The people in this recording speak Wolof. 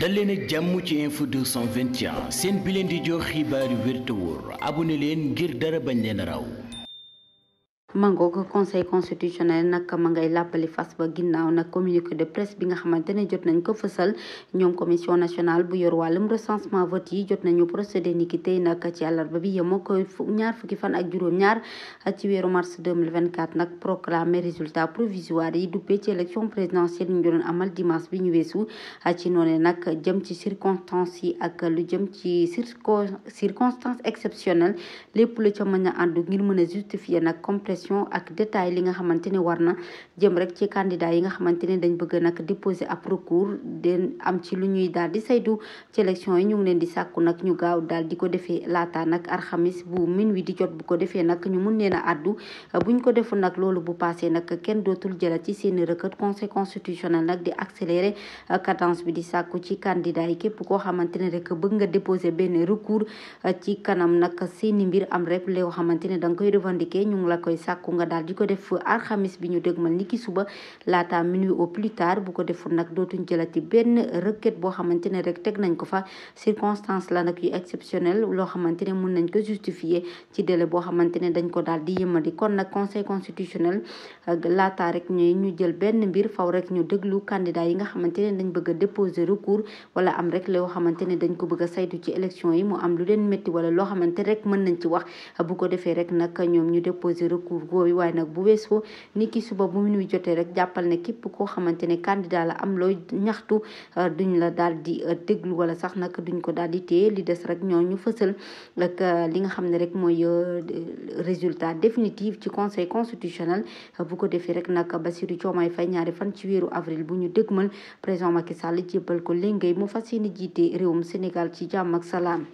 dal leen ak jàmm ci info 221 seen bi leen di jox xibaaru yu wér te leen ngir dara bañ leen raw mangoog conseil constitutionnel nag ma ngay làppali fas ba ginnaaw nag communiqué de presse bi nga xamante ne jot nañ ko fësal ñoom commission nationale bu yor wàllum recensement vote jot nañu procédé ni ki ci àllarba bi yemoo ko ñaar fukki fan ak juróom-ñaar ci weeru mars 2024 nag résultat provisoire yi duppee ci élection présidentielle ñu doon amal dimanche bi ñu weesu ci noonu nag jëm ci circonstance yi ak lu jëm ci circo a àndu ngir mën a question ak détail li nga xamante ne war na jëm rek ci candidat yi nga xamante ne dañ bëgg nag déposer ab recours den am ci lu ñuy daal di saytu ci élection yi ñu ngi leen di sàkku nag ñu gaaw daal di ko defee laata nag alxamis bu minuit di jot bu ko defee nag ñu mun leen a addu buñ ko deful nag loolu bu passé nag kenn dootul jëla ci seeni requête conseil constitutionnel nag di accélérer cadence bi di sàkku ci kandidaa yi képp koo xamante ne rek bëgg nga déposer benn recours ci kanam nag seeni mbir am rek loo xamante ne da koy revendiquer ñu ngi sàkku nga daal di ko def alxamis bi ñu dégmal ni ki suba laata minuit au plus tard bu ko deful nag dootuñ jëlati benn requête boo xamante ne rek teg nañ ko fa circonstance la nag yu exceptionnel loo xamante ne mun nañ ko justifier ci délai boo xamante ne dañ ko daal di yëmadi kon nag conseil constitutionnel euh, laata rek ñu jël benn mbir faw rek ñu déglu candidat yi nga xamante ne dañ bëgg a déposer recours am rek loo xamante ne dañ ko bëgg a pour góor yi waaye nag bu weesoo ni ki suba bu minuy jotee rek jàppal ne képp koo xamante ne candidat la am looy ñaxtu euh, duñ la daal di euh, déglu wala sax nag duñ ko daal di téye li des rek ñoo ñu fësal ak euh, li nga xam ne rek mooy résultat définitif ci conseil constitutionnel bu ko defee rek nag Bassirou Diomaye fay ñaari fan ci weeru avril bu ñu dëgmal présent Macky Sall jébbal ko léngay mu fas yéene jiite réewum Sénégal ci jàmm ak salaam